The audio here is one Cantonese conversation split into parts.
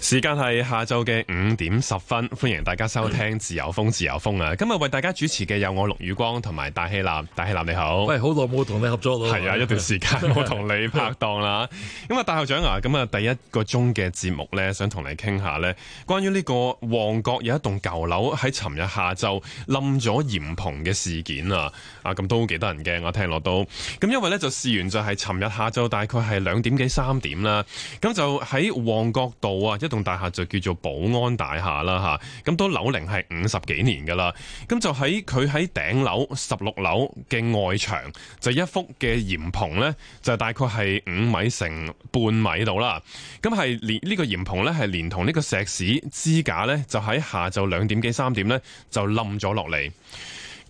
時間係下晝嘅五點十分，歡迎大家收聽自由風，嗯、自由風啊！今日為大家主持嘅有我陸宇光同埋戴希立，戴希立你好，喂，好耐冇同你合作咯，係啊，一段時間冇同你拍檔啦。咁啊，大校長啊，咁啊，第一個鐘嘅節目咧，想同你傾下咧，關於呢個旺角有一棟舊樓喺尋日下晝冧咗簷篷嘅事件啊，啊，咁都幾得人驚，我聽落都，咁因為咧就事緣就係尋日下晝大概係兩點幾三點啦，咁就喺旺角道啊棟大廈就叫做保安大廈啦，吓咁多樓齡係五十幾年噶啦，咁就喺佢喺頂樓十六樓嘅外牆就一幅嘅簷篷呢，就大概係五米乘半米度啦，咁係連呢個簷篷呢，係連同呢個石屎支架呢，就喺下晝兩點幾三點呢，就冧咗落嚟。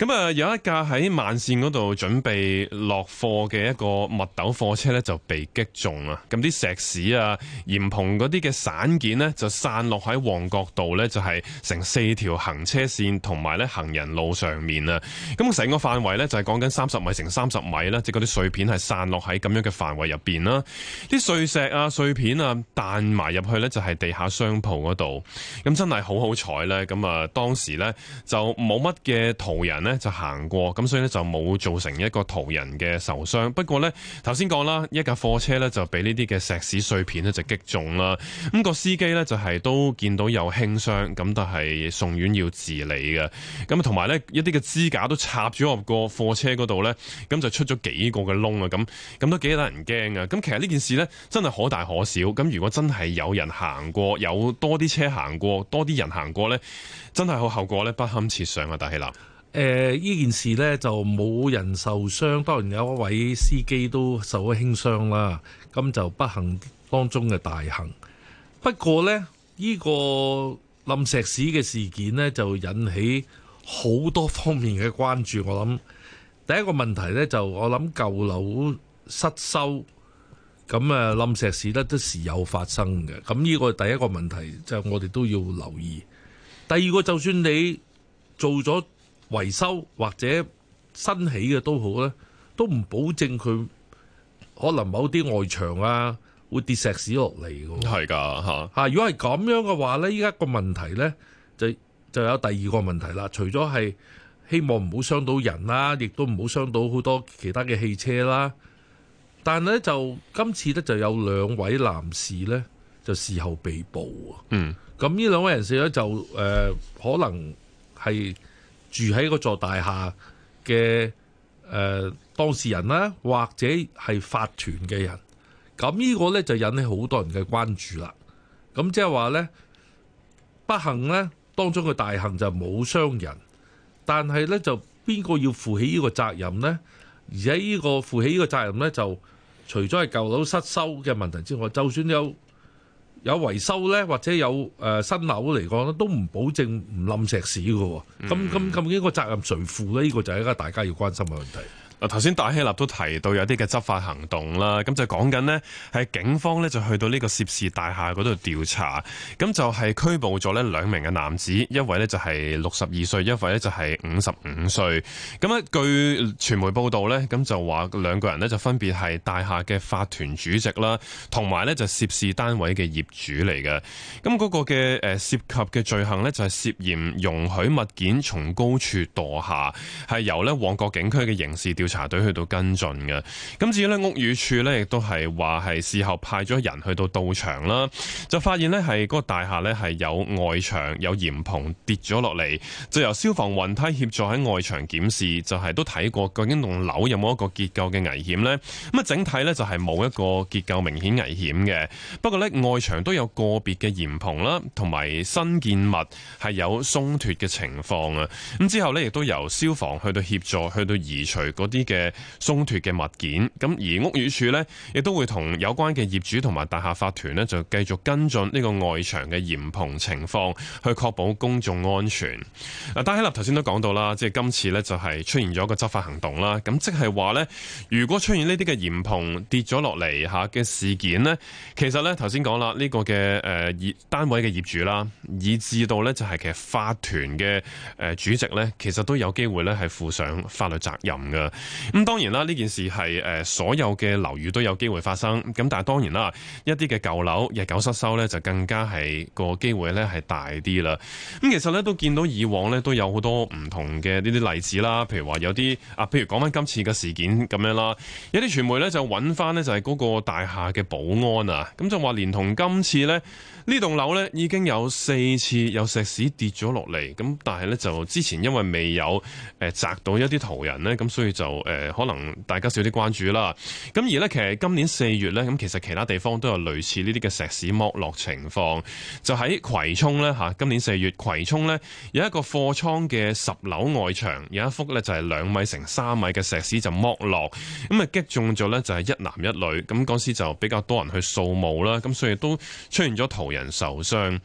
咁啊，有一架喺慢線嗰度準備落貨嘅一個密斗貨車咧，就被擊中啊！咁啲石屎啊、簷篷嗰啲嘅散件咧，就散落喺旺角道咧，就係成四條行車線同埋咧行人路上面啊！咁成個範圍咧，就係講緊三十米乘三十米啦，即係嗰啲碎片係散落喺咁樣嘅範圍入邊啦。啲碎石啊、碎片啊，彈埋入去咧，就係地下商鋪嗰度。咁真係好好彩咧！咁啊，當時咧就冇乜嘅途人呢咧就行過，咁所以呢，就冇造成一個途人嘅受傷。不過呢，頭先講啦，一架貨車呢，就俾呢啲嘅石屎碎片呢，就擊中啦。咁個司機呢，就係都見到有輕傷，咁但係送院要治理嘅。咁同埋呢，一啲嘅支架都插咗入個貨車嗰度呢，咁就出咗幾個嘅窿啦。咁咁都幾得人驚啊！咁其實呢件事呢，真係可大可小。咁如果真係有人行過，有多啲車行過，多啲人行過呢，真係好後果呢，不堪設想啊！但係啦。誒、呃，呢件事呢，就冇人受傷，當然有一位司機都受咗輕傷啦，咁就不幸當中嘅大幸。不過呢，呢、呢個冧石屎嘅事件呢，就引起好多方面嘅關注。我諗第一個問題呢，就我諗舊樓失修，咁啊冧石屎呢，都時有發生嘅。咁呢個第一個問題就我哋都，就係、都要留意。第二個就算你做咗。維修或者新起嘅都好咧，都唔保證佢可能某啲外牆啊會跌石屎落嚟嘅。係噶吓吓，如果係咁樣嘅話咧，依家個問題咧就就有第二個問題啦。除咗係希望唔好傷到人啦，亦都唔好傷到好多其他嘅汽車啦。但係咧就今次咧就有兩位男士咧就事後被捕啊。嗯，咁呢兩位人士咧就誒、呃、可能係。住喺嗰座大廈嘅誒當事人啦，或者係法團嘅人，咁呢個呢就引起好多人嘅關注啦。咁即係話呢，不幸呢當中嘅大幸就冇傷人，但係呢就邊個要負起呢個責任呢？而且呢、呢個負起呢個責任呢，就除咗係舊樓失修嘅問題之外，就算有。有維修咧，或者有誒新樓嚟講咧，都唔保證唔冧石屎㗎喎。咁咁咁，究竟呢個責任誰負咧？呢個就係而家大家要關心嘅問題。啊！頭先大希立都提到有啲嘅執法行動啦，咁就講緊咧係警方咧就去到呢個涉事大廈嗰度調查，咁就係、是、拘捕咗咧兩名嘅男子，一位咧就係六十二歲，一位咧就係五十五歲，咁啊，據傳媒報道咧，咁就話兩個人咧就分別係大廈嘅法團主席啦，同埋咧就涉事單位嘅業主嚟嘅。咁、那、嗰個嘅誒涉及嘅罪行咧就係涉嫌容許物件從高處墮下，係由咧旺角警區嘅刑事調查隊去到跟進嘅，咁至於咧屋宇署咧，亦都係話係事後派咗人去到到場啦，就發現咧係個大廈咧係有外牆有簷篷跌咗落嚟，就由消防雲梯協助喺外牆檢視，就係、是、都睇過究竟棟樓有冇一個結構嘅危險咧，咁啊整體咧就係冇一個結構明顯危險嘅，不過咧外牆都有個別嘅簷篷啦，同埋新建物係有鬆脱嘅情況啊，咁之後咧亦都由消防去到協助去到移除嗰啲。嘅鬆脫嘅物件，咁而屋宇署呢，亦都會同有關嘅業主同埋大廈法團呢，就繼續跟進呢個外牆嘅簷篷情況，去確保公眾安全。阿戴希立頭先都講到啦，即係今次呢，就係出現咗個執法行動啦，咁即係話呢，如果出現呢啲嘅簷篷跌咗落嚟吓嘅事件呢，其實呢，頭先講啦，呢個嘅誒業單位嘅業主啦，以至到呢，就係其實法團嘅誒主席呢，其實都有機會呢，係負上法律責任㗎。咁當然啦，呢件事係、呃、所有嘅樓宇都有機會發生。咁但係當然啦，一啲嘅舊樓日久失修呢，就更加係個機會呢係大啲啦。咁、嗯、其實呢，都見到以往呢，都有好多唔同嘅呢啲例子啦，譬如話有啲啊，譬如講翻今次嘅事件咁樣啦，有啲傳媒呢，就揾翻呢，就係嗰個大廈嘅保安啊，咁就話連同今次呢，呢棟樓呢，已經有四次有石屎跌咗落嚟，咁但係呢，就之前因為未有誒砸、呃、到一啲途人呢，咁所以就。誒、呃，可能大家少啲關注啦。咁而呢，其實今年四月呢，咁其實其他地方都有類似呢啲嘅石屎剝落情況。就喺葵涌呢，吓，今年四月葵涌呢，有一個貨倉嘅十樓外牆，有一幅呢就係、是、兩米乘三米嘅石屎就剝落，咁啊擊中咗呢，就係一男一女，咁嗰時就比較多人去掃墓啦，咁所以都出現咗途人受傷。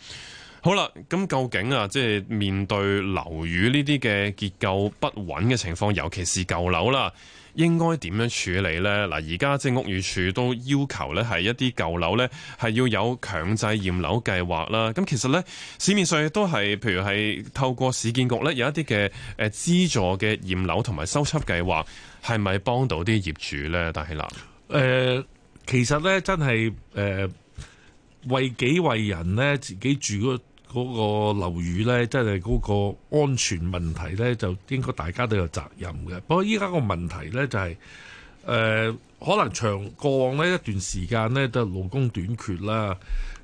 好啦，咁究竟啊，即係面對樓宇呢啲嘅結構不穩嘅情況，尤其是舊樓啦，應該點樣處理呢？嗱，而家即係屋宇署都要求呢，係一啲舊樓呢，係要有強制驗樓計劃啦。咁其實呢，市面上亦都係，譬如係透過市建局呢，有一啲嘅誒資助嘅驗樓同埋修葺計劃，係咪幫到啲業主呢？但係嗱，誒、呃，其實呢，真係誒、呃、為己為人呢，自己住嗰。嗰、那個樓宇呢，即係嗰個安全問題呢，就應該大家都有責任嘅。不過依家個問題呢，就係、是、誒、呃，可能長過往呢一段時間呢，都勞工短缺啦。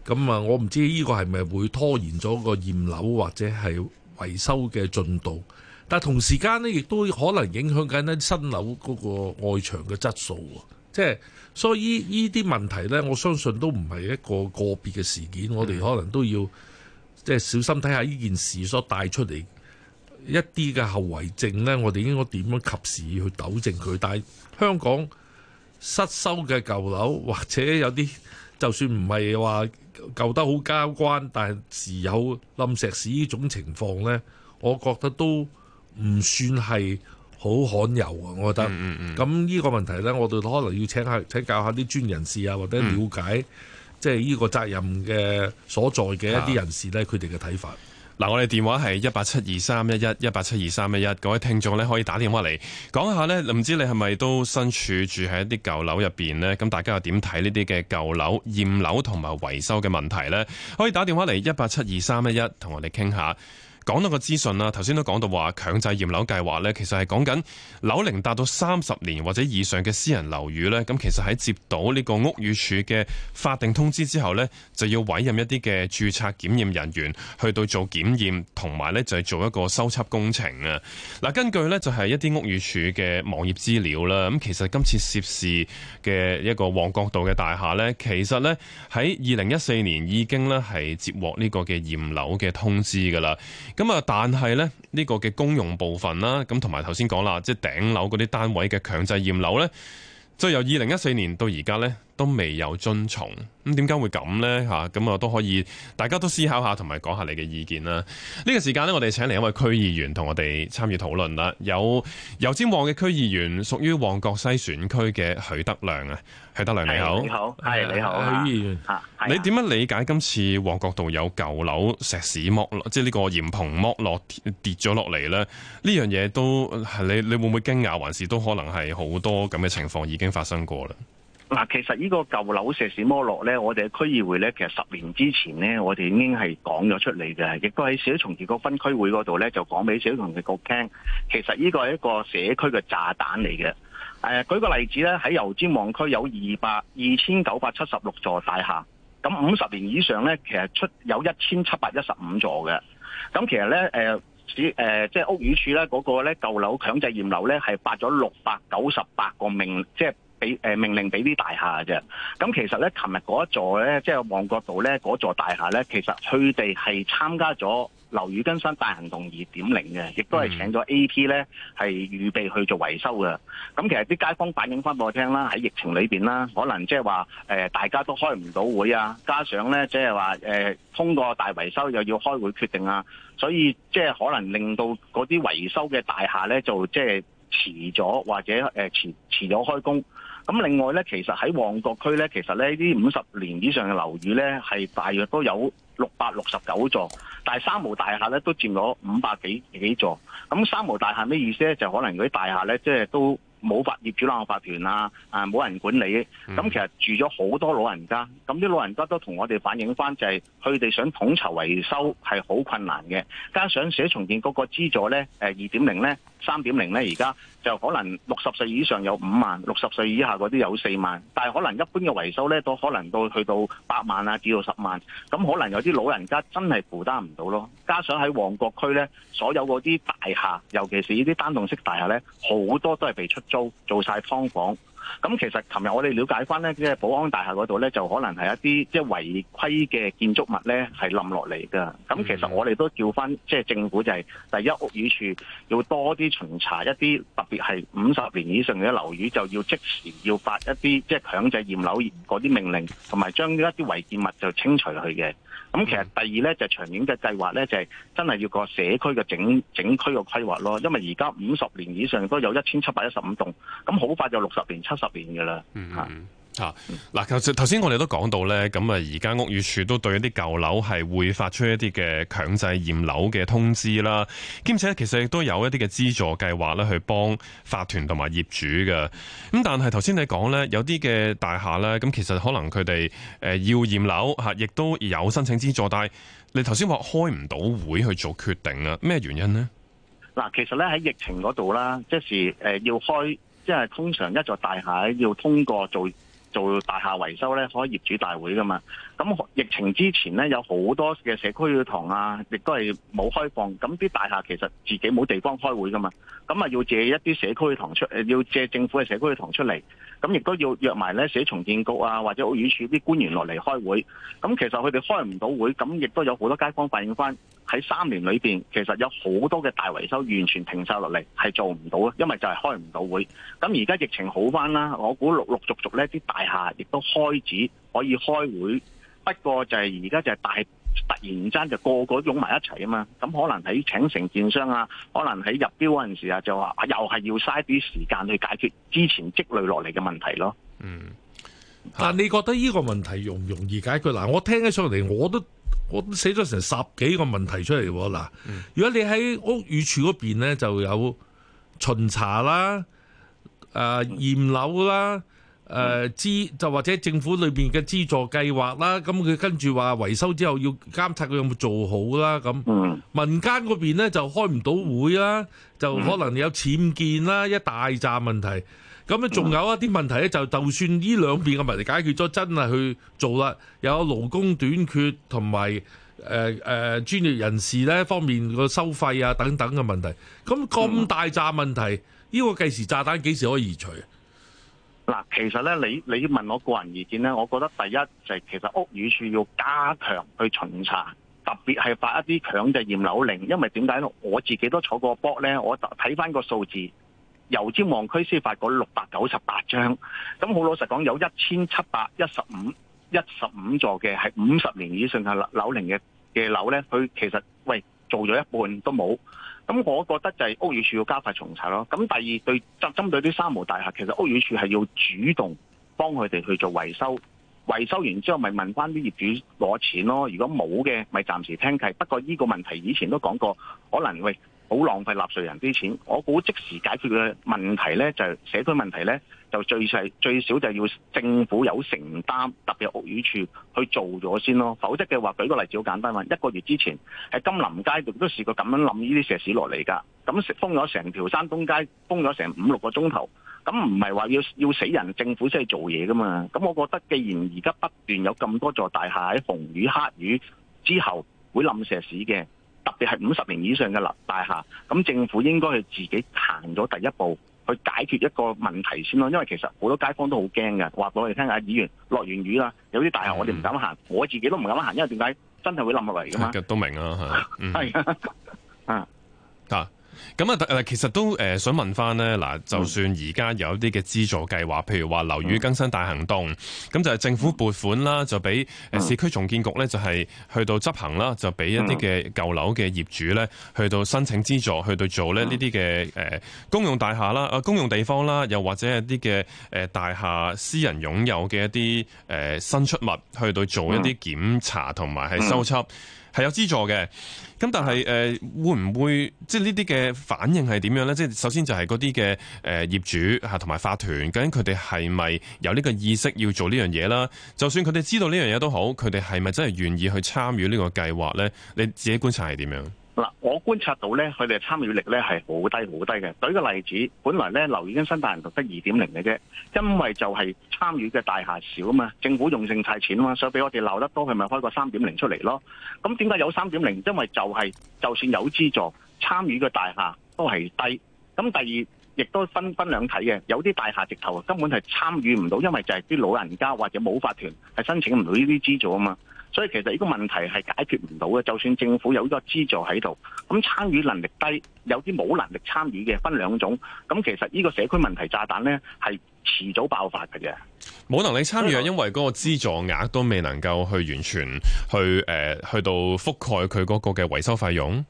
咁、嗯、啊，我唔知呢個係咪會拖延咗個驗樓或者係維修嘅進度。但同時間呢，亦都可能影響緊呢新樓嗰個外牆嘅質素喎。即、就、係、是，所以呢啲問題呢，我相信都唔係一個個別嘅事件，我哋可能都要。即係小心睇下呢件事所帶出嚟一啲嘅後遺症呢，我哋應該點樣及時去糾正佢？但係香港失修嘅舊樓，或者有啲就算唔係話舊得好交關，但係時有冧石屎呢種情況呢，我覺得都唔算係好罕有啊！我覺得，咁，嗯嗯，呢個問題呢，我哋可能要請下請教下啲專人士啊，或者了解。即係呢個責任嘅所在嘅一啲人士呢，佢哋嘅睇法。嗱，我哋電話係一八七二三一一一八七二三一一，各位聽眾呢，可以打電話嚟講下呢，唔知你係咪都身處住喺一啲舊樓入面呢？咁大家又點睇呢啲嘅舊樓驗樓同埋維修嘅問題呢？可以打電話嚟一八七二三一一同我哋傾下。講到個資訊啦，頭先都講到話強制驗樓計劃呢，其實係講緊樓齡達到三十年或者以上嘅私人樓宇呢。咁其實喺接到呢個屋宇署嘅法定通知之後呢，就要委任一啲嘅註冊檢驗人員去到做檢驗，同埋呢就係做一個修葺工程啊。嗱，根據呢，就係一啲屋宇署嘅網頁資料啦，咁其實今次涉事嘅一個旺角道嘅大廈呢，其實呢喺二零一四年已經呢係接獲呢個嘅驗樓嘅通知噶啦。咁啊，但係咧呢個嘅公用部分啦，咁同埋頭先講啦，即係頂樓嗰啲單位嘅強制驗樓咧，就由二零一四年到而家咧。都未有遵從，咁，點解會咁呢？嚇咁啊都可以，大家都思考一下，同埋講下你嘅意見啦。呢、呢個時間呢，我哋請嚟一位區議員同我哋參與討論啦。有油尖旺嘅區議員，屬於旺角西選區嘅許德亮啊。許德亮你好，你好，係你好，許、啊、議員。啊啊、你點樣理解今次旺角度有舊樓石屎剝落即係呢個簷篷剝落跌咗落嚟呢？呢樣嘢都係你你會唔會驚訝，還是都可能係好多咁嘅情況已經發生過啦？嗱，其實個舊樓魔呢個舊樓石屎剝落咧，我哋區議會咧，其實十年之前咧，我哋已經係講咗出嚟嘅，亦都喺小松傑個分區會嗰度咧，就講俾小松傑個聽。其實呢個係一個社區嘅炸彈嚟嘅。誒、呃，舉個例子咧，喺油尖旺區有二百二千九百七十六座大廈，咁五十年以上咧，其實出有一千七百一十五座嘅。咁其實咧，誒市誒即係屋宇署咧，嗰個咧舊樓強制驗樓咧，係發咗六百九十八個命，即係。俾誒命令俾啲大廈嘅，咁其實咧，琴日嗰一座咧，即係旺角道咧嗰座大廈咧，其實佢哋係參加咗樓宇更新大行動二點零嘅，亦都係請咗 A.P. 咧係預備去做維修嘅。咁其實啲街坊反映翻俾我聽啦，喺疫情裏面啦，可能即係話誒大家都開唔到會啊，加上咧即係話誒通過大維修又要開會決定啊，所以即係可能令到嗰啲維修嘅大廈咧就即係遲咗或者誒遲遲咗開工。咁另外咧，其實喺旺角區咧，其實咧呢啲五十年以上嘅樓宇咧，係大約都有六百六十九座，但係三無大廈咧都佔咗五百幾幾座。咁三無大廈咩意思咧？就可能嗰啲大廈咧，即、就、係、是、都。冇法業主立案法團啊，啊冇人管理，咁、嗯、其實住咗好多老人家，咁啲老人家都同我哋反映翻，就係佢哋想統籌維修係好困難嘅，加上社重建嗰個資助咧，誒，二點零咧、三點零咧，而家就可能六十歲以上有五萬六十歲以下嗰啲有四萬，但係可能一般嘅維修咧都可能到去到八萬啊，至到十萬，咁可能有啲老人家真係負擔唔到咯。加上喺旺角區咧，所有嗰啲大廈，尤其是呢啲單棟式大廈咧，好多都係被出。做晒劏房，咁其實琴日我哋了解翻咧，即係保安大廈嗰度咧，就可能係一啲即係違規嘅建築物咧，係冧落嚟噶。咁其實我哋都叫翻即係政府，就係第一屋宇處要多啲巡查一啲，特別係五十年以上嘅樓宇，就要即時要發一啲即係強制驗樓嗰啲命令，同埋將呢一啲違建物就清除去嘅。咁、嗯、其實第二咧就係、是、長遠嘅計劃咧，就係、是、真係要個社區嘅整整區嘅規劃咯。因為而家五十年以上都有一千七百一十五棟，咁好快就六十年、七十年嘅啦。嗯，嗯。啊。吓、啊、嗱，頭先我哋都講到咧，咁啊而家屋宇署都對一啲舊樓係會發出一啲嘅強制驗樓嘅通知啦，兼且其實亦都有一啲嘅資助計劃咧去幫法團同埋業主嘅。咁但係頭先你講咧，有啲嘅大廈咧，咁其實可能佢哋誒要驗樓吓，亦都有申請資助，但係你頭先話開唔到會去做決定啊？咩原因呢？嗱，其實咧喺疫情嗰度啦，即係誒要開，即係通常一座大廈要通過做。做大廈維修咧，開業主大會噶嘛？咁疫情之前咧，有好多嘅社區會堂啊，亦都係冇開放。咁啲大廈其實自己冇地方開會噶嘛？咁啊，要借一啲社區會堂出，要借政府嘅社區會堂出嚟。咁亦都要約埋咧，市重建局啊，或者屋宇署啲官員落嚟開會。咁其實佢哋開唔到會，咁亦都有好多街坊反映翻。喺三年裏邊，其實有好多嘅大維修完全停晒落嚟，係做唔到啊！因為就係開唔到會。咁而家疫情好返啦，我估陸陸續續呢啲大廈亦都開始可以開會。不過就係而家就係大突然間就個個湧埋一齊啊嘛！咁可能喺請承建商啊，可能喺入標嗰陣時啊，就話又係要嘥啲時間去解決之前積累落嚟嘅問題咯。嗯，但你覺得呢個問題容唔容易解決？嗱，我聽起上嚟我都。我寫咗成十幾個問題出嚟喎，嗱，如果你喺屋宇署嗰邊咧，就有巡查啦、誒、呃、驗樓啦、誒、呃、資就或者政府裏邊嘅資助計劃啦，咁佢跟住話維修之後要監察佢有冇做好啦，咁民間嗰邊咧就開唔到會啦，就可能有僭建啦，一大紮問題。咁仲有一啲問題，咧，就就算呢兩邊嘅問題解決咗，真係去做啦，有勞工短缺同埋誒誒專業人士咧方面個收費啊等等嘅問題，咁咁大炸問題，呢個計時炸彈幾時可以移除啊？嗱，其實咧，你你問我個人意見咧，我覺得第一就係其實屋宇署要加強去巡查，特別係發一啲強制驗樓令，因為點解我自己都坐過波咧，我睇翻個數字。由尖旺區司法嗰六百九十八張，咁好老實講，有一千七百一十五一十五座嘅係五十年以上嘅樓齡嘅嘅樓呢。佢其實喂做咗一半都冇。咁我覺得就係屋宇署要加快重查咯。咁第二對針針對啲三無大廈，其實屋宇署係要主動幫佢哋去做維修，維修完之後咪問翻啲業主攞錢咯。如果冇嘅咪暫時聽計。不過呢個問題以前都講過，可能喂。好浪費納稅人啲錢，我估即時解決嘅問題咧，就係社區問題咧，就最細最少就要政府有承擔，特別屋宇處去做咗先咯。否則嘅話，舉個例子好簡單嘛，一個月之前喺金林街度都試過咁樣冧呢啲石屎落嚟㗎，咁封咗成條山東街，封咗成五六個鐘頭，咁唔係話要要死人，政府先去做嘢㗎嘛。咁我覺得，既然而家不斷有咁多座大廈喺紅雨黑雨之後會冧石屎嘅。你係五十年以上嘅立大廈，咁政府應該去自己行咗第一步去解決一個問題先咯。因為其實好多街坊都好驚嘅，話俾我哋聽啊，議員，落完雨啦，有啲大廈我哋唔敢行、嗯，我自己都唔敢行，因為點解真係會冧落嚟噶嘛。都明啊，係係、嗯、 啊，嗱。咁啊，其實都誒想問翻咧，嗱，就算而家有一啲嘅資助計劃，譬如話樓宇更新大行動，咁就係政府撥款啦，就俾誒市區重建局咧，就係去到執行啦，就俾一啲嘅舊樓嘅業主咧，去到申請資助，去到做咧呢啲嘅誒公用大廈啦、啊公用地方啦，又或者一啲嘅誒大廈私人擁有嘅一啲誒伸出物，去到做一啲檢查同埋係修葺。係有資助嘅，咁但係誒、呃、會唔會即係呢啲嘅反應係點樣呢？即係首先就係嗰啲嘅誒業主嚇同埋法團，究竟佢哋係咪有呢個意識要做呢樣嘢啦？就算佢哋知道呢樣嘢都好，佢哋係咪真係願意去參與呢個計劃呢？你自己觀察係點樣？嗱，我觀察到咧，佢哋參與力咧係好低好低嘅。舉個例子，本來咧留意間新大廈得二點零嘅啫，因為就係參與嘅大廈少嘛，政府用剩曬錢嘛，所以俾我哋鬧得多，佢咪開個三點零出嚟咯。咁點解有三點零？因為就係、是、就算有資助，參與嘅大廈都係低。咁第二亦都分分兩睇嘅，有啲大廈直頭根本係參與唔到，因為就係啲老人家或者冇法團係申請唔到呢啲資助啊嘛。所以其實呢個問題係解決唔到嘅，就算政府有呢個資助喺度，咁參與能力低，有啲冇能力參與嘅，分兩種。咁其實呢個社區問題炸彈呢係遲早爆發嘅啫。冇能力參與啊，因為嗰個資助額都未能夠去完全去誒、呃，去到覆蓋佢嗰個嘅維修費用。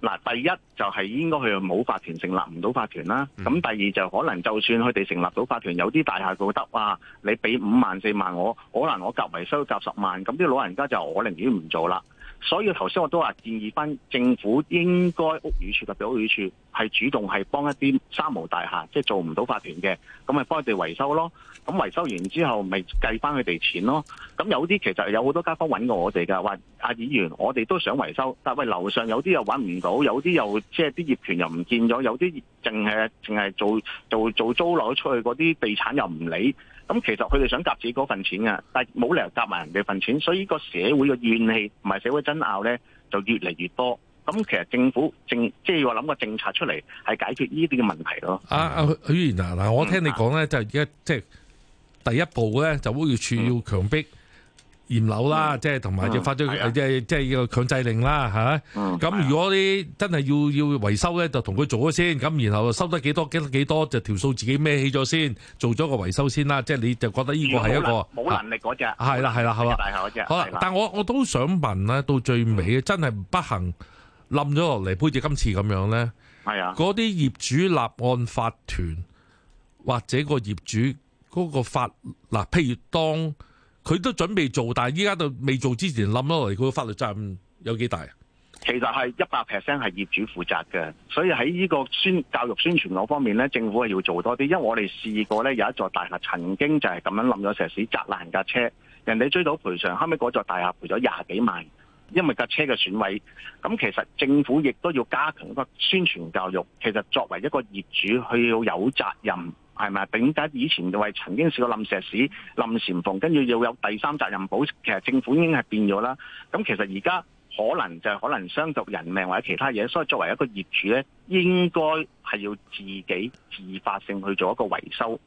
嗱、就是，第一就係應該佢冇法團，成立唔到法團啦。咁第二就可能就算佢哋成立到法團，有啲大廈覺得話你俾五萬四萬我，可能我夾埋收夾十萬，咁啲老人家就我寧願唔做啦。所以頭先我都話建議返政府應該屋宇署特別屋宇署。係主動係幫一啲三無大廈，即係做唔到法團嘅，咁咪幫佢哋維修咯。咁維修完之後，咪計翻佢哋錢咯。咁有啲其實有好多街坊揾過我哋噶，話阿議員，我哋都想維修，但係樓上有啲又揾唔到，有啲又即係啲業權又唔見咗，有啲淨係淨係做做做租樓出去嗰啲地產又唔理。咁其實佢哋想夾自己嗰份錢㗎，但係冇理由夾埋人哋份錢，所以個社會嘅怨氣同埋社會爭拗呢就越嚟越多。咁其實政府政即係要諗個政策出嚟，係解決呢啲嘅問題咯。阿阿許言嗱嗱，我聽你講咧，就而家即係第一步咧，就屋宇署要強逼驗樓啦，即係同埋要發出即係即係個強制令啦，嚇。咁如果啲真係要要維修咧，就同佢做咗先，咁然後收得幾多，得幾多就條數自己孭起咗先，做咗個維修先啦。即係你就覺得呢個係一個冇能力嗰隻，係啦係啦係啦。但係我我都想問咧，到最尾真係不行。冧咗落嚟，好似今次咁樣咧，嗰啲業主立案法團或者個業主嗰個法，嗱，譬如當佢都準備做，但係依家都未做之前冧咗落嚟，佢個法律責任有幾大？其實係一百 percent 係業主負責嘅，所以喺呢個宣教育宣傳嗰方面咧，政府係要做多啲。因為我哋試過咧，有一座大廈曾經就係咁樣冧咗石屎，砸爛架車，人哋追到賠償，後尾嗰座大廈賠咗廿幾萬。因為架車嘅損毀，咁其實政府亦都要加強個個宣傳教育。其實作為一個業主，佢要有責任，係咪啊？點解以前就係曾經試過冧石屎、冧簷篷，跟住要有第三責任保？其實政府已經係變咗啦。咁其實而家可能就可能傷及人命或者其他嘢，所以作為一個業主咧，應該係要自己自發性去做一個維修。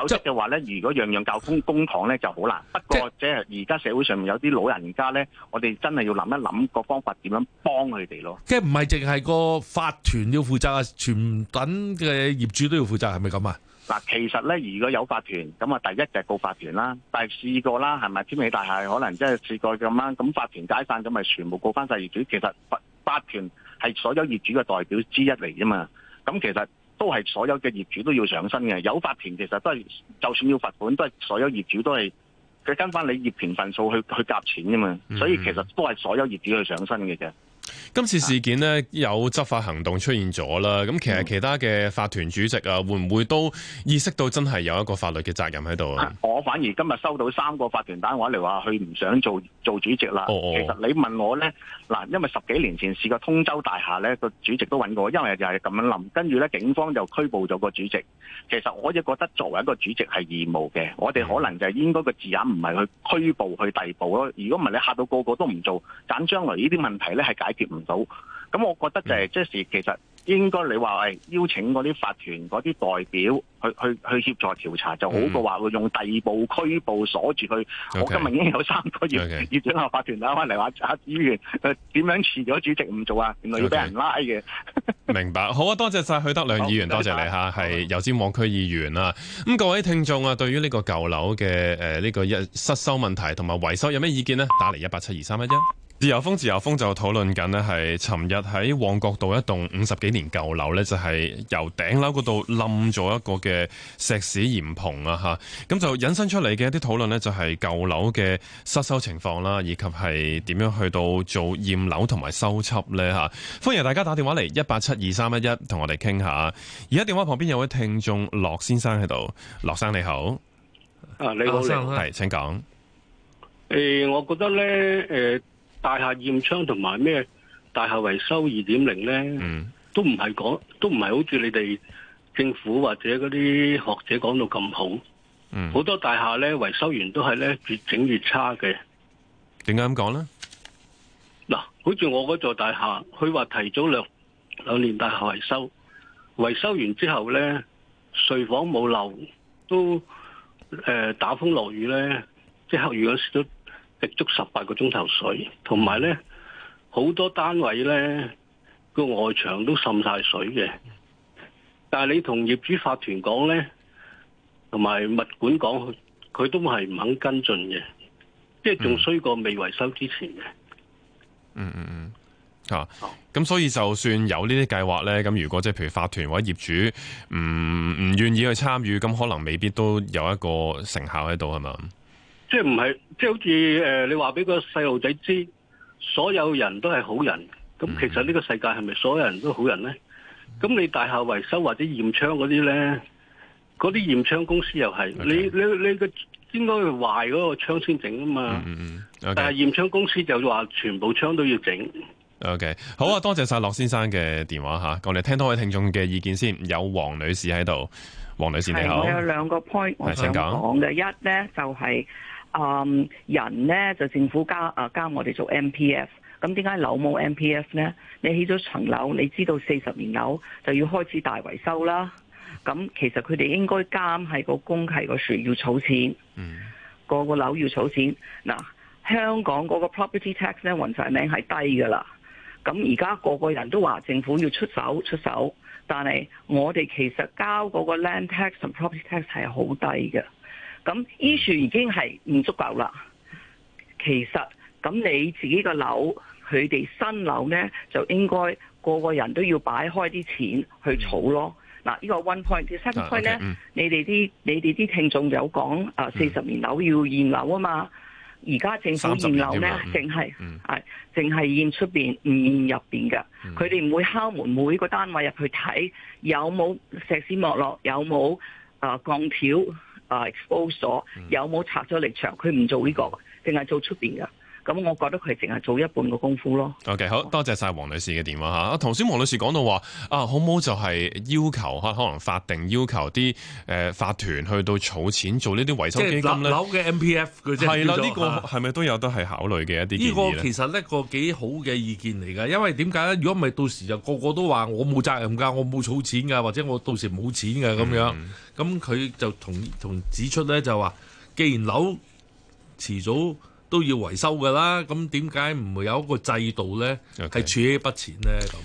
否則嘅話咧，如果樣樣告公公堂咧就好難。不過即係而家社會上面有啲老人家咧，我哋真係要諗一諗個方法點樣幫佢哋咯。即係唔係淨係個法團要負責啊，全等嘅業主都要負責，係咪咁啊？嗱，其實咧，如果有法團，咁啊，第一就係告法團啦，但係試過啦，係咪？天美大廈可能即係試過咁樣。咁法團解散咁咪全部告翻晒業主。其實法法團係所有業主嘅代表之一嚟啫嘛。咁其實。都係所有嘅業主都要上身嘅，有法團其實都係，就算要罰款都係所有業主都係，佢跟翻你業權份數去去夾錢噶嘛，所以其實都係所有業主去上身嘅啫。今次事件呢，有執法行動出現咗啦，咁其實其他嘅法團主席啊，會唔會都意識到真係有一個法律嘅責任喺度啊？我反而今日收到三個法團電話嚟話佢唔想做做主席啦。哦哦，其實你問我呢，嗱，因為十幾年前試過通州大廈呢個主席都揾過，因為就係咁樣諗，跟住呢，警方就拘捕咗個主席。其實我亦覺得作為一個主席係義務嘅，我哋可能就係應該個字眼唔係去拘捕去逮捕咯。如果唔係你嚇到個個都唔做，等將來呢啲問題呢，係解決。接唔到，咁我覺得就係，即係其實應該你話誒邀請嗰啲法團嗰啲代表去去，嗯、去協助調查就好過話會用第二步拘捕鎖住佢，嗯。我今日已經有三個業主立案法團打返嚟話議員誒點樣辭咗主席唔做啊？原來要俾人拉嘅。Okay, 明白，好啊，多謝晒許德亮議員，多謝，多謝你嚇，係，嗯、油尖旺區議員啊。咁，嗯、各位聽眾啊，對於呢個舊樓嘅誒呢個一失修問題同埋維修有咩意見呢？打嚟一八七二三一一。自由風，自由風就討論緊呢係尋日喺旺角道一棟五十幾年舊樓呢就係由頂樓嗰度冧咗一個嘅石屎簷篷啊。吓，咁就引申出嚟嘅一啲討論呢，就係舊樓嘅失修情況啦，以及係點樣去到做驗樓同埋修葺呢。吓，歡迎大家打電話嚟一八七二三一一，同我哋傾下。而家電話旁邊有一位聽眾，駱先生喺度，駱生你好。啊你好，係請講。誒，我覺得呢。誒、呃。大廈驗窗同埋咩大廈維修二點零咧，嗯，都唔係講，都唔係好似你哋政府或者嗰啲學者講到咁好。嗯，好多大廈呢，維修完都係呢，越整越差嘅。點解咁講呢？嗱，好似我嗰座大廈，佢話提早兩兩年大廈維修，維修完之後呢，睡房冇漏，都誒、呃、打風落雨呢。即刻如果蝕咗。滴足十八個鐘頭水，同埋呢好多單位呢個外牆都滲晒水嘅。但係你同業主法團講呢，同埋物管講，佢都係唔肯跟進嘅，即係仲衰過未維修之前嘅。嗯嗯嗯，吓、啊，咁所以就算有呢啲計劃呢，咁如果即係譬如法團或者業主唔唔願意去參與，咁可能未必都有一個成效喺度，係嘛？即係唔係，即係好似誒，你話俾個細路仔知，所有人都係好人。咁其實呢個世界係咪所有人都好人咧？咁你大廈維修或者驗窗嗰啲咧，嗰啲驗窗公司又係、okay. 你你你應該壞，個應該壞嗰個窗先整啊嘛。嗯嗯。Okay. 但係驗窗公司就話全部窗都要整。OK，好啊，多謝晒駱先生嘅電話吓，我哋聽多位聽眾嘅意見先。有王女士喺度，王女士你好。我有兩個 point 我想講第、嗯、一咧就係、是。嗯、um，人咧就政府加啊加我哋做 M P F，咁點解樓冇 M P F 咧？你起咗層樓，你知道四十年樓就要開始大維修啦。咁其實佢哋應該監係個工，係個船要儲錢，個、嗯、個樓要儲錢嗱、啊。香港嗰個 property tax 咧，雲曬名係低噶啦。咁而家個個人都話政府要出手出手，但係我哋其實交嗰個 land tax 同 property tax 係好低嘅。咁依處已經係唔足夠啦。其實咁你自己個樓，佢哋新樓咧，就應該個個人都要擺開啲錢去儲咯。嗱、嗯，呢、啊呢個 one point seven 區咧，你哋啲你哋啲聽眾有講啊，四、呃、十年樓要驗樓啊嘛。而家政府驗樓咧，淨係淨係驗出面唔驗入面嘅。佢哋唔會敲門，每個個單位入去睇有冇石屎剝落，有冇啊、呃、鋼條。啊 Expose 咗有冇拆咗力牆，佢唔做呢、這個定係做出邊噶？咁我覺得佢係淨係做一半嘅功夫咯。OK，好多謝晒黃女士嘅電話嚇。啊，頭先黃女士講到話啊，好唔好就係要求嚇，可能法定要求啲誒、呃、法團去到儲錢做呢啲維修基金咧？樓嘅 M P F 佢係啦，呢、這個係咪都有得係考慮嘅一啲建議呢？這個其實呢個幾好嘅意見嚟㗎，因為點解咧？如果唔係到時就個個都話我冇責任㗎，我冇儲錢㗎，或者我到時冇錢㗎咁樣，咁、嗯、佢就同同指出咧就話，既然樓遲早都要維修㗎啦，咁點解唔會有一個制度咧，係儲起一筆錢咧咁？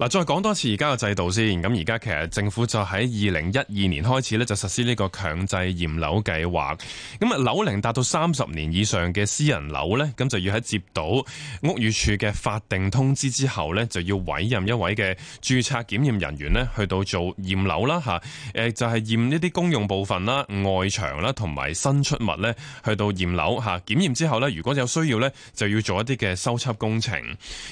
嗱，再講多次而家嘅制度先。咁而家其實政府就喺二零一二年開始咧，就實施呢個強制驗樓計劃。咁啊，樓齡達到三十年以上嘅私人樓咧，咁就要喺接到屋宇署嘅法定通知之後咧，就要委任一位嘅註冊檢驗人員咧，去到做驗樓啦，吓。誒，就係驗呢啲公用部分啦、外牆啦，同埋新出物咧，去到驗樓吓。檢驗之後咧，如果有需要咧，就要做一啲嘅修葺工程。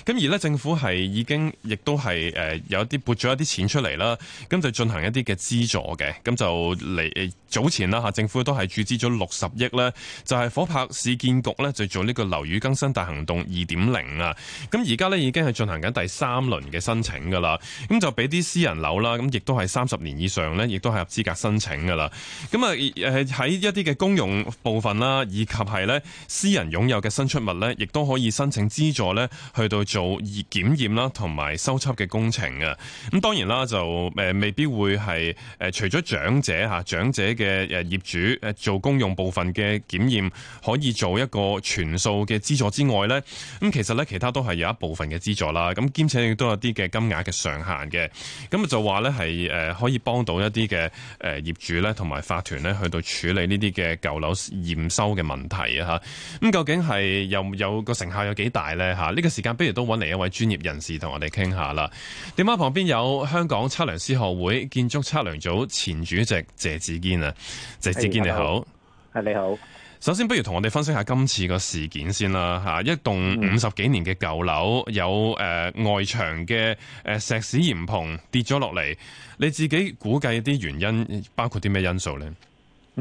咁而咧，政府係已經亦都係。誒、呃，有啲撥咗一啲錢出嚟啦，咁就進行一啲嘅資助嘅，咁就嚟早前啦吓，政府都係注資咗六十億呢，就係、是、火拍市建局呢，就做呢個樓宇更新大行動二點零啊，咁而家呢已經係進行緊第三輪嘅申請噶啦，咁就俾啲私人樓啦，咁亦都係三十年以上呢，亦都係合資格申請噶啦，咁啊誒喺一啲嘅公用部分啦，以及係呢私人擁有嘅新出物呢，亦都可以申請資助呢，去到做檢驗啦，同埋修葺嘅。工程啊，咁當然啦，就誒未必會係誒除咗長者吓長者嘅誒業主誒做公用部分嘅檢驗，可以做一個全數嘅資助之外咧，咁其實咧其他都係有一部分嘅資助啦。咁兼且亦都有啲嘅金額嘅上限嘅。咁啊，就話咧係誒可以幫到一啲嘅誒業主咧，同埋法團咧去到處理呢啲嘅舊樓驗收嘅問題啊吓，咁究竟係有有個成效有幾大咧吓，呢個時間不如都揾嚟一位專業人士同我哋傾下啦。電話旁邊有香港測量師學會建築測量組前主席謝志堅啊，謝志堅你好，係你好。首先不如同我哋分析下今次個事件先啦，吓一棟五十幾年嘅舊樓，有誒、呃、外牆嘅誒石屎簷篷跌咗落嚟，你自己估計啲原因包括啲咩因素呢？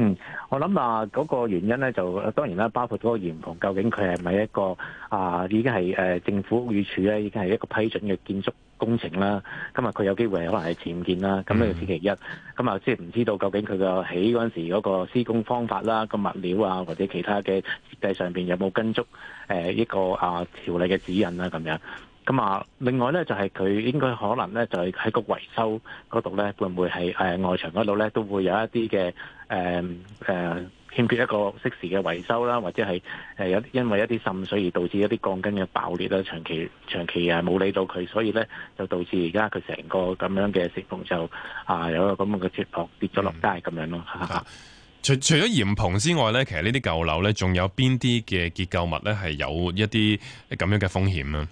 嗯，我諗啊，嗰、嗰個原因咧就當然啦，包括嗰個簷篷究竟佢係咪一個啊已經係誒、啊、政府屋宇署咧已經係一個批准嘅建築工程啦。咁啊佢有機會可能係僭建啦。咁呢個星期一，咁啊即係唔知道究竟佢嘅、嗰個、起嗰陣時嗰個施工方法啦、嗰個物料啊或者其他嘅設計上面有冇跟足誒、啊、一個啊條例嘅指引啦咁、啊、樣。咁啊！另外咧，就係佢應該可能咧，就係喺個維修嗰度咧，會唔會係誒外牆嗰度咧，都會有一啲嘅誒誒欠缺一個適時嘅維修啦，或者係誒有因為一啲滲水而導致一啲鋼筋嘅爆裂啦，長期長期誒冇理到佢，所以咧就導致而家佢成個咁樣嘅裂縫就啊有個咁樣嘅脱落跌咗落街咁樣咯、嗯 。除除咗簷篷之外咧，其實呢啲舊樓咧，仲有邊啲嘅結構物咧係有一啲咁樣嘅風險咧？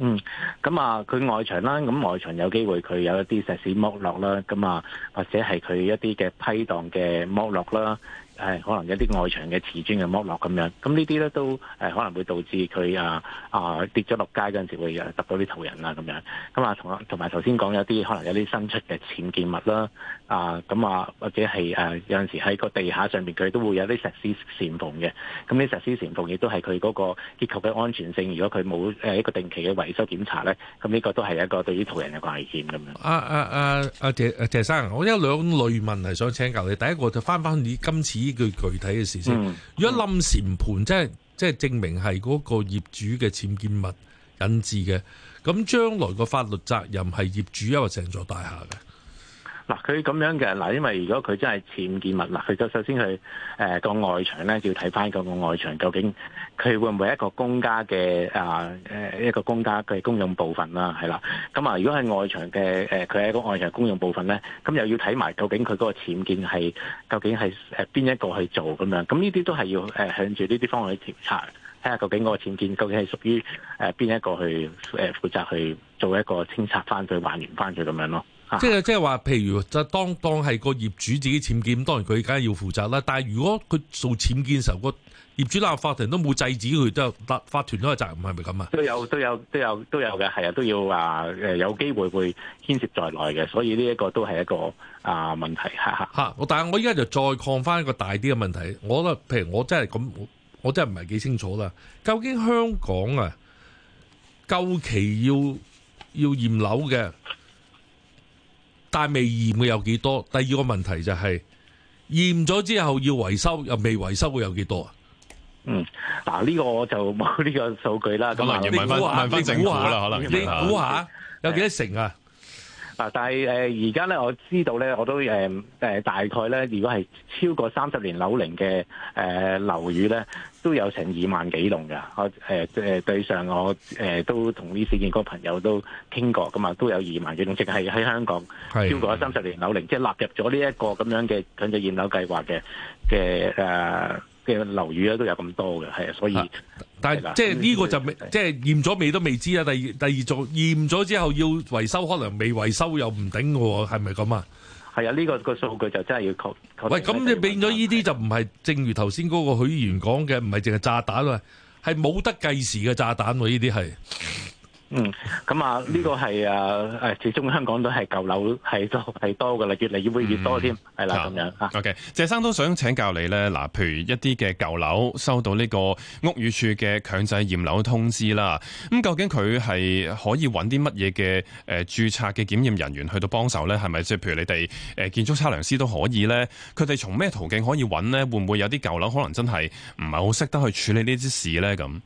嗯，咁啊，佢外牆啦，咁外牆有機會佢有一啲石屎剝落啦，咁啊，或者係佢一啲嘅批蕩嘅剝落啦，誒、哎，可能有一啲外牆嘅瓷磚嘅剝落咁樣，咁呢啲咧都可能會導致佢啊啊跌咗落街嗰陣時會揼到啲途人啊咁樣，咁啊同同埋頭先講有啲可能有啲新出嘅僭建物啦。啊，咁啊，或者係誒、啊、有陣時喺個地下上邊，佢都會有啲石屎線縫嘅。咁啲石屎線縫亦都係佢嗰個結構嘅安全性。如果佢冇誒一個定期嘅維修檢查咧，咁呢個都係一個對於途人嘅危險咁樣。阿阿阿阿謝，謝生，我有兩類問題想請教你。第一個就翻翻你今次呢句具體嘅事先：嗯、如果冧簷篷，嗯、即係即係證明係嗰個業主嘅僭建物引致嘅，咁將來個法律責任係業主抑或成座大廈嘅？嗱，佢咁樣嘅，嗱，因為如果佢真係僭建物，嗱，佢就首先去誒個外牆咧，就要睇翻個外牆究竟佢會唔會一個公家嘅啊誒一個公家嘅公用部分啦，係啦。咁啊，如果係外牆嘅誒，佢係一個外牆公用部分咧，咁又要睇埋究竟佢嗰個僭建係究竟係誒邊一個去做咁樣？咁呢啲都係要誒向住呢啲方向去調查，睇下究竟個僭建究竟係屬於誒邊一個去誒負責去做一個清拆翻佢、還原翻佢咁樣咯。即係即係話，譬如就當當係個業主自己僭建，當然佢梗係要負責啦。但係如果佢做僭建時候，個業主立法庭都冇制止佢，都有法法團都有責任，係咪咁啊？都有都有都有都有嘅，係啊，都要話誒、呃，有機會會牽涉在內嘅。所以呢一個都係一個啊問題吓吓。但係我依家就再擴翻一個大啲嘅問題，我覺得譬如我真係咁，我真係唔係幾清楚啦。究竟香港啊，舊期要要驗樓嘅？但係未驗嘅有幾多？第二個問題就係驗咗之後要維修，又未維修嘅有幾多啊？嗯，嗱呢個我就冇呢個數據啦。可能要問翻問翻政府啦，可能你估下有幾多成啊？但係誒，而、呃、家呢，我知道呢，我都誒、呃、大概呢，如果係超過三十年樓齡嘅誒、呃、樓宇呢，都有成二萬幾棟㗎。我誒、呃、對上我誒、呃、都同呢事件個朋友都傾過咁啊，都有二萬幾棟，即係喺香港超過咗三十年樓齡，即係納入咗呢一個咁樣嘅強制驗樓計劃嘅嘅誒。嘅樓宇咧都有咁多嘅，係啊，所以、啊、但係即係呢個就未即係驗咗未都未知啊。第二第二做驗咗之後要維修，可能未維修又唔頂嘅喎，係咪咁啊？係啊，呢、呢個個數據就真係要確確。喂，咁你變咗呢啲就唔係，正如頭先嗰個許議員講嘅，唔係淨係炸彈啊，係冇得計時嘅炸彈喎，呢啲係。嗯，咁啊，呢個係啊，誒，始終香港都係舊樓係多噶啦，越嚟越會越多添，係啦咁樣吓。OK. 謝生都想請教你咧，嗱，譬如一啲嘅舊樓收到呢個屋宇署嘅強制驗樓通知啦，咁究竟佢係可以揾啲乜嘢嘅誒註冊嘅檢驗人員去到幫手咧？係咪即係譬如你哋誒建築測量師都可以咧？佢哋從咩途徑可以揾咧？會唔會有啲舊樓可能真係唔係好識得去處理呢啲事咧？咁？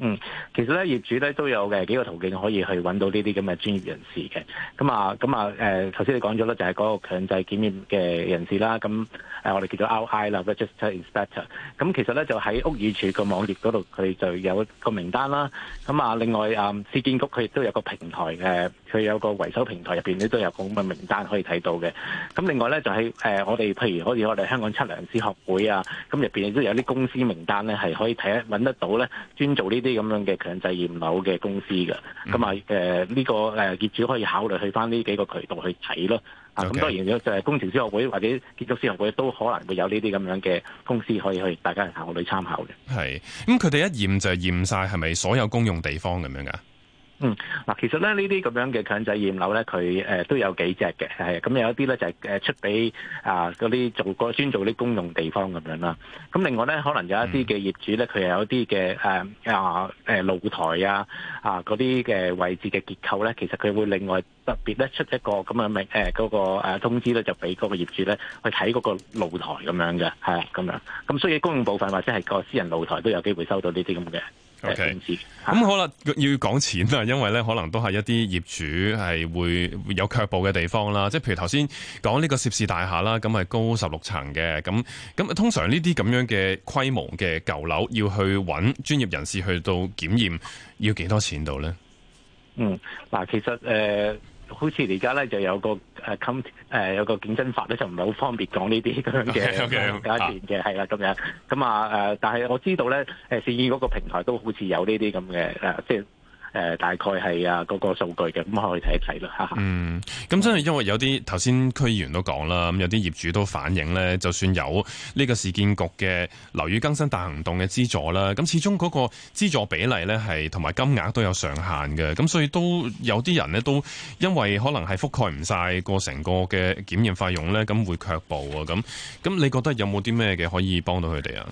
嗯，其實咧，業主咧都有嘅幾個途徑可以去搵到呢啲咁嘅專業人士嘅，咁啊，咁啊，誒、呃，頭先你講咗啦，就係嗰個強制檢驗嘅人士啦，咁。誒， 我哋叫做 RI 啦 Registered Inspector。咁其實咧就喺屋宇署個網頁嗰度，佢就有一個名單啦。咁啊，另外啊，市建局佢亦都有個平台嘅，佢有個維修平台入面你都有個咁嘅名單可以睇到嘅。咁另外咧就喺誒我哋，譬如可以我哋香港測量師學會啊，咁入面亦都有啲公司名單咧，係可以睇得到咧，專做呢啲咁樣嘅強制驗樓嘅公司嘅。咁啊呢個誒業主可以考慮去翻呢幾個渠道去睇咯。咁、okay. 當然咗就係工程師學會或者建築師學會都可能會有呢啲咁樣嘅公司可以去，大家行落去參考嘅。咁，佢哋一驗就係驗晒係咪所有公用地方咁樣㗎？嗯，嗱，其實咧呢啲咁樣嘅強制驗樓咧，佢、呃、都有幾隻嘅，咁、呃、有一啲咧就係、呃、出俾啊嗰啲做個專做啲公用地方咁樣啦。咁另外咧，可能有一啲嘅業主咧，佢又有啲嘅啊露台啊啊嗰啲嘅位置嘅結構咧，其實佢會另外。特別咧出一個咁嘅嗰個通知咧，就俾嗰個業主咧去睇嗰個露台咁樣嘅，係咁樣，咁所以公用部分或者係個私人露台都有機會收到呢啲咁嘅通知。咁、okay, 好啦，要講錢啦，因為咧可能都係一啲業主係會有卻步嘅地方啦。即係譬如頭先講呢個涉事大廈啦，咁係高十六層嘅。咁咁通常呢啲咁樣嘅規模嘅舊樓要去搵專業人士去到檢驗，要幾多錢度咧？嗯，嗱，其實、呃好似而家咧就有個誒禁誒有個競爭法咧，就唔係好方便講呢啲咁樣嘅價錢嘅係啦咁樣咁啊誒，但係我知道咧誒，市議嗰個平台都好似有呢啲咁嘅誒即係。誒大概係啊嗰個數據嘅，咁可以睇一睇啦嗯，咁真係因為有啲頭先區議員都講啦，咁有啲業主都反映呢，就算有呢個市建局嘅樓宇更新大行動嘅資助啦，咁始終嗰個資助比例呢係同埋金額都有上限嘅，咁所以都有啲人呢，都因為可能係覆蓋唔晒個成個嘅檢驗費用呢，咁會卻步啊咁。咁你覺得有冇啲咩嘅可以幫到佢哋啊？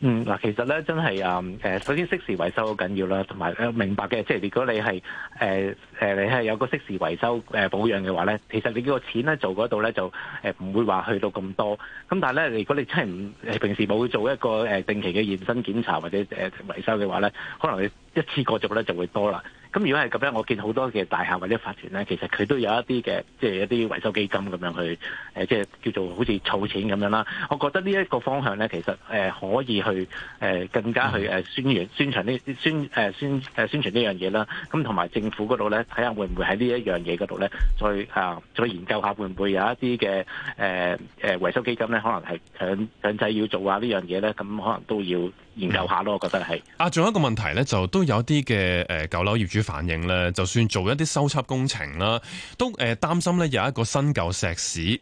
嗯，嗱，其實咧真係，嗯，誒，首先適時維修好緊要啦，同埋誒明白嘅，即係如果你係，誒，誒，你係有個適時維修誒保養嘅話咧，其實你個錢咧做嗰度咧就，誒，唔會話去到咁多，咁但係咧，如果你真係唔，誒，平時冇做一個誒定期嘅驗身檢查或者誒維修嘅話咧，可能你一次過做咧就會多啦。咁如果係咁樣我見好多嘅大廈或者法團咧，其實佢都有一啲嘅，即係一啲維修基金咁樣去，即係叫做好似儲錢咁樣啦。我覺得呢一個方向咧，其實可以去更加去宣揚、宣傳呢宣誒宣誒宣傳呢樣嘢啦。咁同埋政府嗰度咧，睇下會唔會喺呢一樣嘢嗰度咧，再啊再研究下會唔會有一啲嘅誒誒維修基金咧，可能係強強制要做啊呢樣嘢咧，咁可能都要。研究下咯，我覺得係、嗯。啊，仲有一個問題呢，就都有啲嘅誒舊樓業主反映呢，就算做一啲修葺工程啦、啊，都誒擔、呃、心呢有一個新舊石屎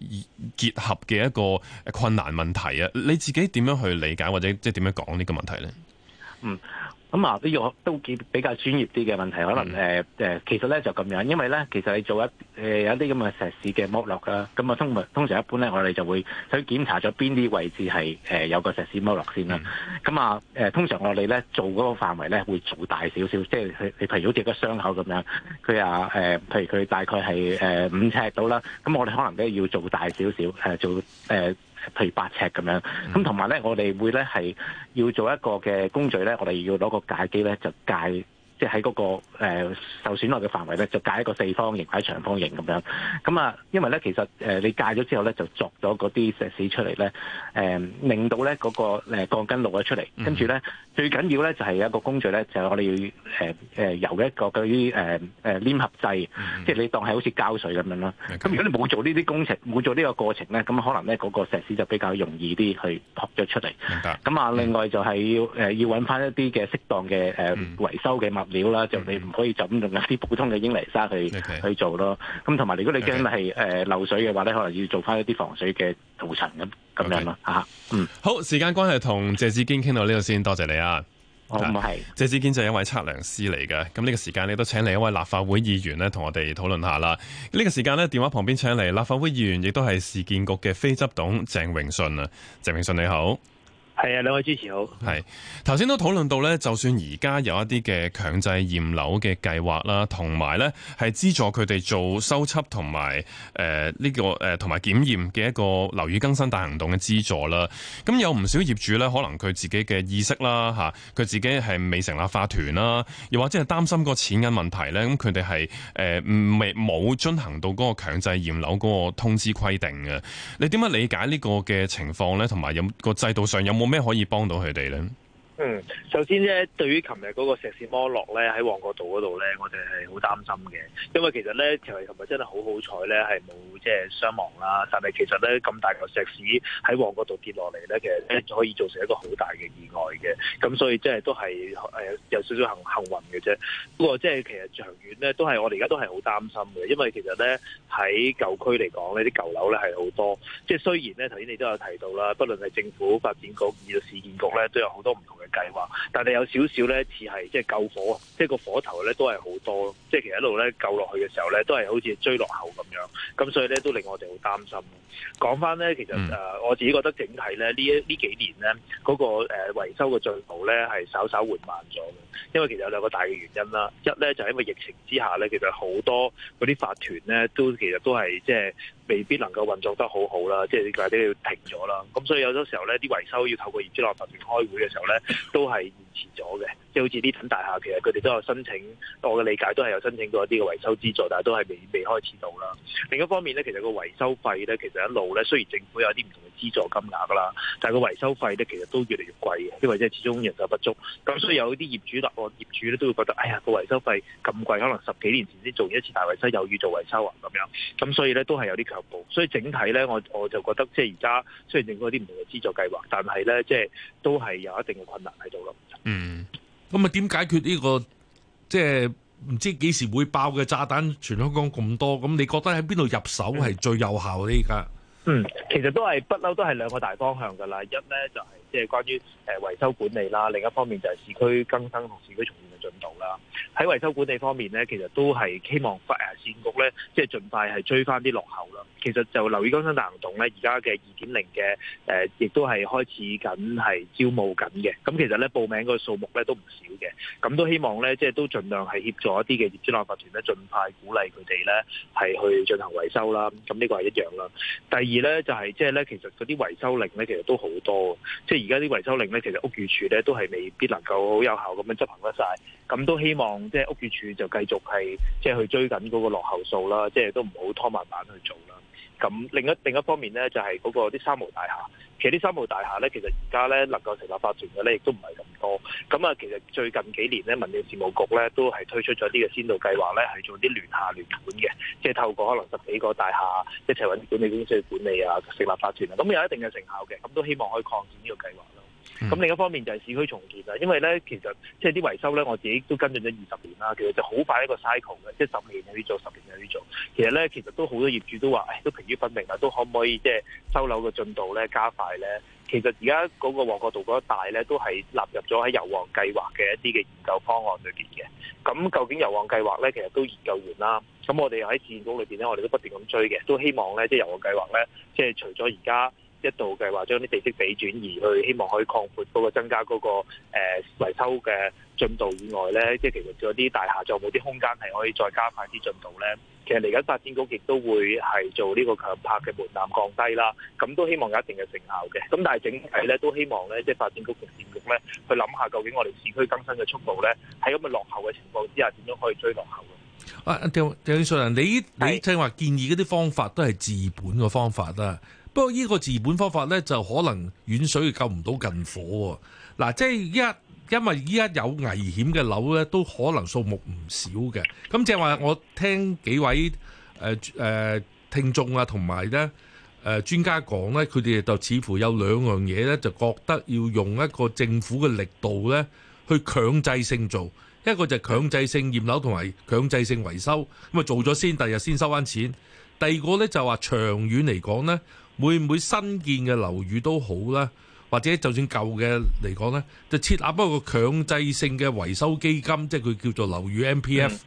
結合嘅一個困難問題啊！你自己點樣去理解或者即係點樣講呢個問題咧？嗯咁、嗯、啊，都要都幾比較專業啲嘅問題，可能誒、呃、其實咧就咁樣，因為咧其實你做一誒、呃、有一啲咁嘅石屎嘅剝落啦，咁啊通常通常一般咧我哋就會去檢查咗邊啲位置係誒、呃、有個石屎剝落先啦。咁、嗯、啊、呃、通常我哋咧做嗰個範圍咧會做大少少，即係佢譬如好似個傷口咁樣，佢啊，誒、呃，譬如佢大概係誒五尺到啦，咁我哋可能都要做大少少、呃，做誒。呃譬如八尺咁樣，咁同埋咧，我哋會咧係要做一個嘅工序咧，我哋要攞個計機咧就計。即係喺嗰個受損害嘅範圍咧，就界一個四方形或者長方形咁樣。咁啊，因為咧其實誒你界咗之後咧，就鑿咗嗰啲石屎出嚟咧，誒令到咧嗰個誒鋼筋露咗出嚟。跟住咧最緊要咧就係一個工序咧，就係我哋要誒誒有一個嗰啲誒誒黏合劑，即係你當係好似膠水咁樣啦。咁如果你冇做呢啲工程，冇做呢個過程咧，咁可能咧嗰個石屎就比較容易啲去撲咗出嚟。咁啊，另外就係要誒要揾翻一啲嘅適當嘅誒維修嘅物料啦，就 你唔可以就咁用一啲普通嘅英泥沙去去做咯。咁同埋，如果你驚係誒漏水嘅話咧，可能要做翻一啲防水嘅塗層咁咁樣啦。吓，嗯，好，時間關係，同謝志堅傾到呢度先，多謝，謝你啊。好，係。謝志堅就係一位測量師嚟嘅。咁呢個時間，你都請嚟一位立法會議員咧，同我哋討論下啦。呢個時間呢電話旁邊請嚟立法會議員也是，亦都係市建局嘅非執董鄭泳舜啊。鄭泳舜你好。係啊，兩位主持好。係頭先都討論到咧，就算而家有一啲嘅強制驗樓嘅計劃啦，同埋咧係資助佢哋做修葺，同埋誒呢個誒同埋檢驗嘅一個樓宇更新大行動嘅資助啦。咁有唔少業主咧，可能佢自己嘅意識啦吓，佢自己係未成立法團啦，又或者係擔心個錢銀問題咧，咁佢哋係誒未冇遵行到嗰個強制驗樓嗰個通知規定嘅。你點樣理解個呢個嘅情況咧？同埋有個制度上有冇？有咩可以幫到佢哋咧？嗯，首先咧，對於琴日嗰個石屎摩落咧，喺旺角道嗰度咧，我哋係好擔心嘅，因為其實咧，其實琴日真係好好彩咧，係冇即係傷亡啦。但係其實咧，咁大嚿石屎喺旺角道跌落嚟咧嘅，其實就可以造成一個好大嘅意外嘅。咁所以即係都係誒有少少幸幸運嘅啫。不過即係其實長遠咧，都係我哋而家都係好擔心嘅，因為其實咧喺舊區嚟講呢啲舊樓咧係好多。即係雖然咧，頭先你都有提到啦，不論係政府發展局、市建局咧，都有好多唔同嘅。計劃， 但係有少少咧似係即係救火，即係個火頭咧都係好多咯，即係其實一路咧救落去嘅時候咧，都係好似追落後咁樣，咁所以咧都令我哋好擔心。講翻咧，其實誒，嗯、我自己覺得整體咧呢一呢幾年咧，嗰個誒維修嘅進度咧係稍稍緩慢咗嘅，因為其實有兩個大嘅原因啦，一咧就係因為疫情之下咧，其實好多嗰啲法團咧都其實都係即係。未必能夠運作得好好啦，即係或者要停咗啦。咁所以有多時候咧，啲維修要透過業主立案庭開會嘅時候咧，都係延遲咗嘅。即好似啲等大廈，其實佢哋都有申請。我嘅理解都係有申請過一啲嘅維修資助，但係都係未未開始到啦。另一方面咧，其實個維修費咧，其實一路咧，雖然政府有啲唔同嘅資助金額啦，但係個維修費咧，其實都越嚟越貴嘅，因為即係始終人手不足。咁所以有啲業主立案業主咧，都會覺得，哎呀，個維修費咁貴，可能十幾年前先做一次大維修，又要做維修啊咁樣。咁所以咧，都係有啲強暴。所以整體咧，我我就覺得，即係而家雖然政府有啲唔同嘅資助計劃，但係咧，即係都係有一定嘅困難喺度咯。嗯。咁啊？點解決呢個即係唔知幾時會爆嘅炸彈？全香港咁多，咁你覺得喺邊度入手係最有效呢？依家，嗯，其實都係不嬲，都係兩個大方向噶啦。一咧就係即係關於誒維修管理啦，另一方面就係市區更新同市區重建。進度啦，喺維修管理方面咧，其實都係希望發線是快下善局咧，即係盡快係追翻啲落後啦。其實就留意更新大行動咧，而家嘅二點零嘅誒，亦都係開始緊係招募緊嘅。咁其實咧報名個數目咧都唔少嘅，咁都希望咧即係都盡量係協助一啲嘅業主立案法團咧，盡快鼓勵佢哋咧係去進行維修啦。咁呢個係一樣啦。第二咧就係即係咧，其實嗰啲維修令咧，其實都好多，即係而家啲維修令咧，其實屋宇署咧都係未必能夠好有效咁樣執行得晒。咁都希望即係屋宇署就繼續係即係去追緊嗰個落後數啦，即係都唔好拖慢板去做啦。咁另一另一方面咧，就係嗰個啲三無大廈。其實啲三無大廈咧，其實而家咧能夠成立法團嘅咧，亦都唔係咁多。咁啊，其實最近幾年咧，民政事務局咧都係推出咗呢個先導計劃咧，係做啲聯廈聯管嘅，即係透過可能十幾個大廈一齊搵管理公司去管理啊，成立法團啊。咁有一定嘅成效嘅，咁都希望可以擴展呢個計劃啦。咁、嗯、另一方面就係市區重建啦，因為咧，其實即係啲維修咧，我自己都跟進咗二十年啦，其實就好快一個 cycle 嘅，即係十年又要做，十年又要做。其實咧，其實都好多業主都話，都疲於奔命啊，都可唔可以即係收樓嘅進度咧加快咧？其實而家嗰個旺角道嗰一帶咧，都係納入咗喺油旺計劃嘅一啲嘅研究方案裏邊嘅。咁究竟油旺計劃咧，其實都研究完啦。咁我哋又喺然工裏面咧，我哋都不斷咁追嘅，都希望咧，即係油旺計劃咧，即係除咗而家。一度計劃將啲地積比轉移去，希望可以擴闊嗰個增加嗰個誒維修嘅進度以外咧，即係其實嗰啲大廈仲有冇啲空間係可以再加快啲進度咧？其實嚟緊發展局亦都會係做呢個強拍嘅門檻降低啦，咁都希望有一定嘅成效嘅。咁但係整體咧都希望咧，即係發展局同建築咧去諗下，究竟我哋市區更新嘅速度咧喺咁嘅落後嘅情況之下，點樣可以追落後？鄭泳舜，啊，啊，你你聽話建議嗰啲方法都係治本嘅方法啦。不過呢個治本方法呢，就可能遠水救唔到近火喎。嗱，即係一，因為依家有危險嘅樓呢，都可能數目唔少嘅。咁即係話，我聽幾位誒誒聽眾啊，同埋呢誒專家講呢，佢哋就似乎有兩樣嘢呢，就覺得要用一個政府嘅力度呢，去強制性做。一個就強制性驗樓同埋強制性維修，咁啊做咗先，第日先收翻錢。第二個呢，就話長遠嚟講呢。會唔會新建嘅樓宇都好啦，或者就算舊嘅嚟講呢，就設立一個強制性嘅維修基金，即係佢叫做樓宇 MPF、嗯。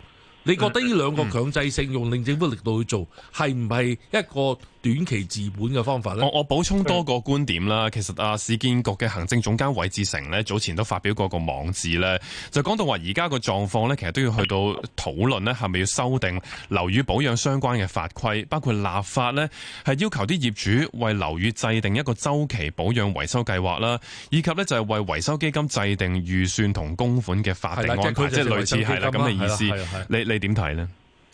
你覺得呢兩個強制性、嗯、用令政府力度去做，係唔係一個？短期治本嘅方法咧，我我補充多個觀點啦。其實啊，市建局嘅行政總監韋志成咧，早前都發表過個網誌咧，就講到話而家個狀況咧，其實都要去到討論咧，係咪要修訂樓宇保養相關嘅法規，包括立法咧，係要求啲業主為樓宇製定一個周期保養維修計劃啦，以及咧就係為維修基金制定預算同供款嘅法定安排，即係、就是啊就是、類似係啦咁嘅意思。你你點睇咧？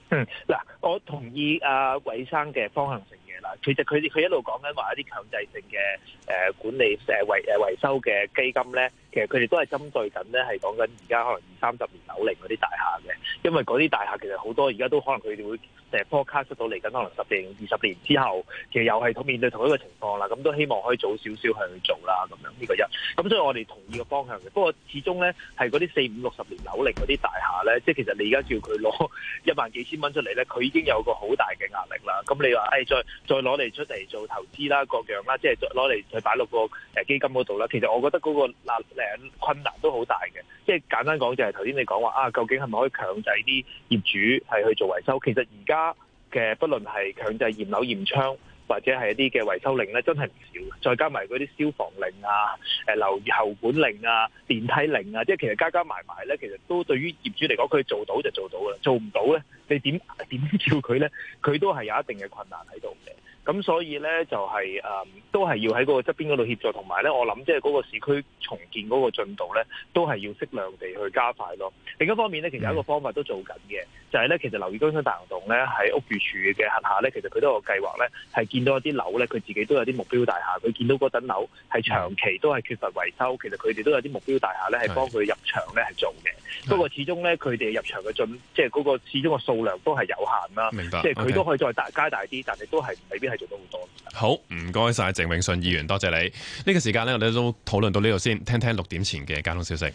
嗯，嗱，我同意啊，韋生嘅方向性。其實佢哋佢一路講緊話，一啲強制性嘅誒管理誒維誒維修嘅基金咧，其實佢哋都係針對緊咧係講緊而家可能二三十年樓齡嗰啲大廈嘅，因為嗰啲大廈其實好多而家都可能佢哋會。誒 f 卡出到嚟緊，可能十年、二十年之後，其實又係同面對同一個情況啦。咁都希望可以早少少去做啦。咁樣呢、這個一，咁所以我哋同意個方向嘅。不過始終咧，係嗰啲四五六十年樓齡嗰啲大廈咧，即係其實你而家叫佢攞一萬幾千蚊出嚟咧，佢已經有個好大嘅壓力啦。咁你話誒、哎，再再攞嚟出嚟做投資啦、各樣啦，即係攞嚟去擺落個誒基金嗰度啦。其實我覺得嗰個難誒困難都好大嘅。即係簡單講就係頭先你講話啊，究竟係咪可以強制啲業主係去做維修？其實而家。嘅，不論係強制驗樓驗窗，或者係一啲嘅維修令咧，真係唔少。再加埋嗰啲消防令啊、誒樓宇後管令啊、電梯令啊，即係其實加加埋埋咧，其實都對於業主嚟講，佢做到就做到噶啦，做唔到咧，你點點叫佢咧？佢都係有一定嘅困難喺度嘅。咁所以咧就係、是、誒、呃，都係要喺嗰個側邊嗰度協助，同埋咧我諗即係嗰個市區重建嗰個進度咧，都係要適量地去加快咯。另一方面咧，其實有一個方法都做緊嘅，就係、是、咧其實樓宇更新大行動咧喺屋宇署嘅轄下咧，其實佢都有個計劃咧，係見到一啲樓咧，佢自己都有啲目標大廈，佢見到嗰等樓係長期都係缺乏維修，其實佢哋都有啲目標大廈咧係幫佢入場咧係做嘅。不過始終咧佢哋入場嘅進，即係嗰個始終個數量都係有限啦。明白，即係佢都可以再大加、okay. 大啲，但係都係未必好唔該晒鄭泳舜議員，多謝，謝你呢，這個時間呢我哋都討論到呢度先，聽聽六點前嘅交通消息。